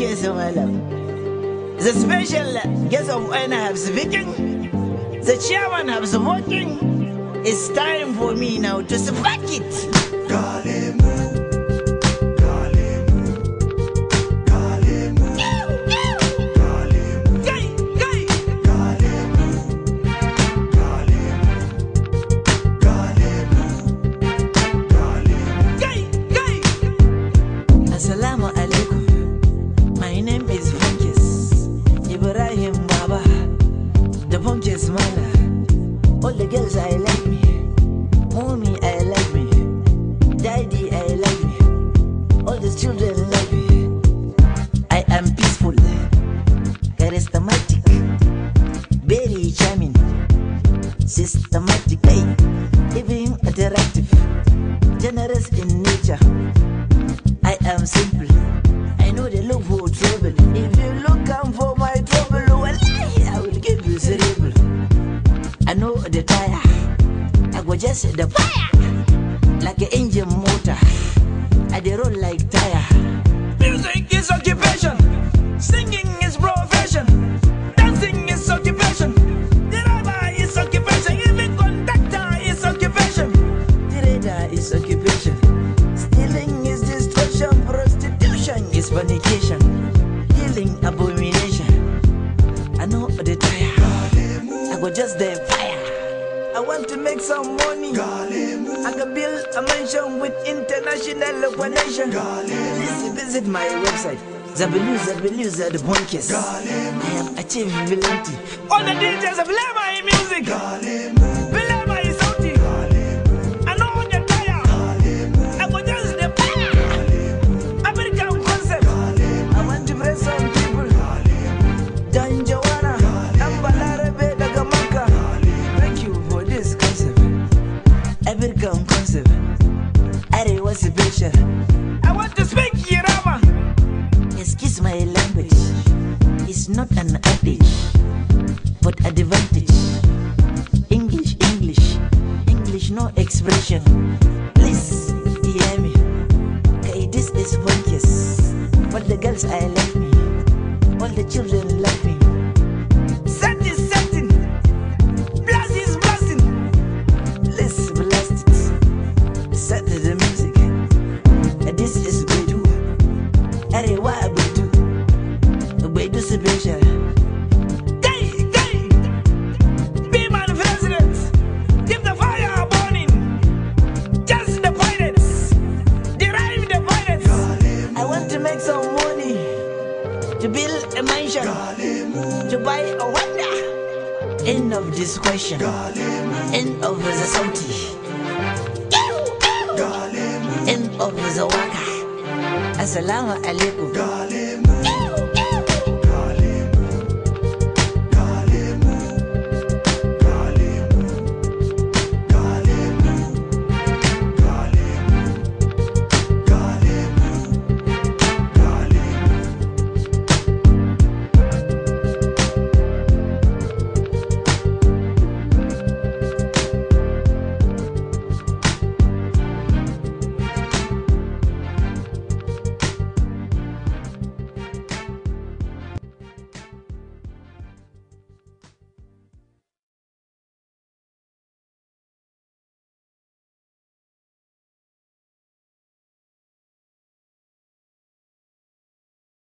case of my love. The special guest of honor has speaking, the chairman has working. It's time for me now to spark it. God. punch is smaller. All the girls I like me. Mommy, I like me. Daddy, I like me. All the children like me. I am peaceful, charismatic, very charming, systematically, even attractive, generous in nature. I am simple. the fire like an engine motor. I they roll like tire. Music is occupation, singing is profession, dancing is occupation, the is occupation, even conductor is occupation, the radar is occupation, stealing is destruction, prostitution is fornication, healing abomination. I know the tire, I go just the fire. I want to make some money. Galimu. I can build a mansion with international recognition. Please visit my website. Zabilu, Zabilu, Zabilu, I am achieving plenty. All the details of Lama in music. Galimu. no expression. Please hear me. Okay, this is Bunkies. All the girls I love me. All the children love me. make some money to build a mansion, to buy a wonder. End of this question, end of the salty, end of the waka. Assalamu alaikum.